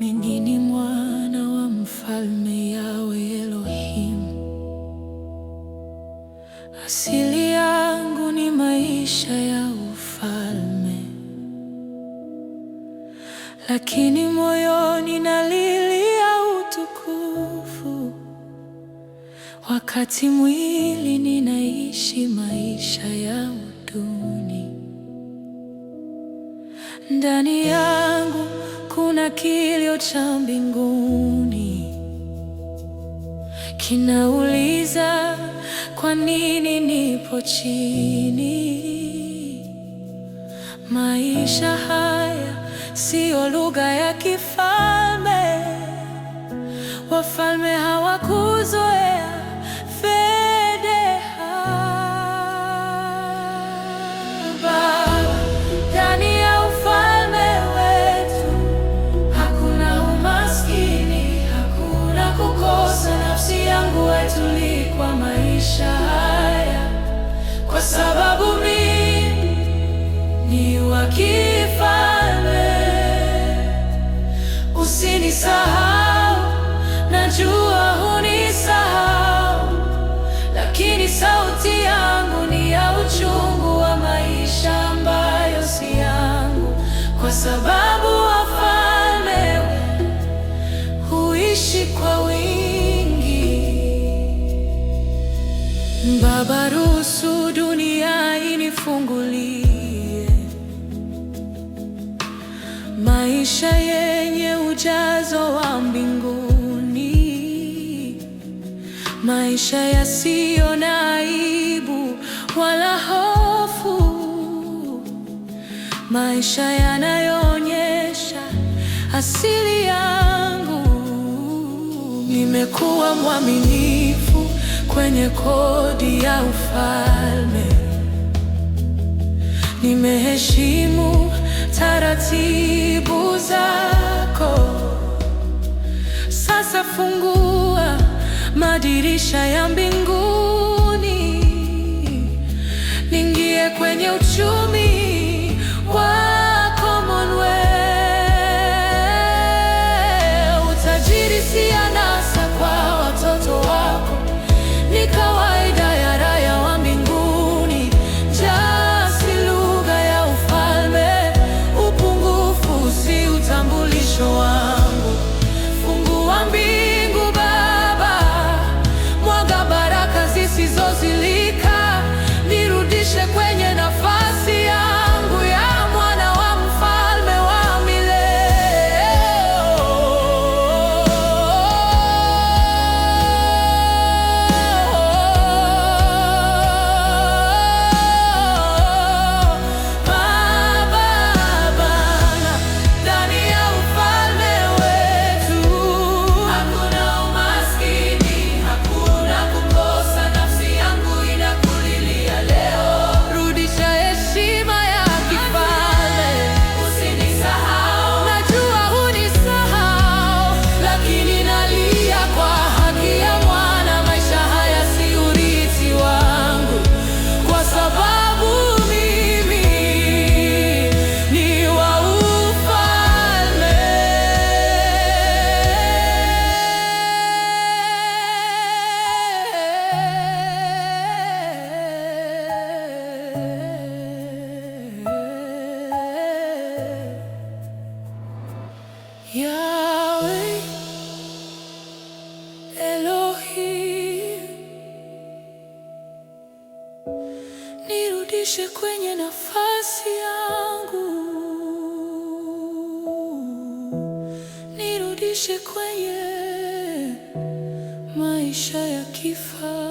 Mimi ni mwana wa mfalme Yawe Elohim. Asili yangu ni maisha ya ufalme, lakini moyoni nalilia utukufu, wakati mwili ninaishi maisha ya uduni ndani yangu kuna kilio cha mbinguni kinauliza, kwa nini nipo chini? Maisha haya siyo lugha ya kifalme, wafalme hawakuzwa kifalme. Usinisahau, najua hunisahau, lakini sauti yangu ni ya uchungu wa maisha ambayo si yangu, kwa sababu wafalme huishi kwa wingi. Baba, ruhusu maisha yasiyo na aibu wala hofu, maisha yanayoonyesha asili yangu. Nimekuwa mwaminifu kwenye kodi ya ufalme, nimeheshimu taratibu zako. Sasa fungu madirisha ya mbinguni, ningie kwenye uchumi Nirudishe kwenye nafasi yangu, nirudishe kwenye maisha ya kifaa.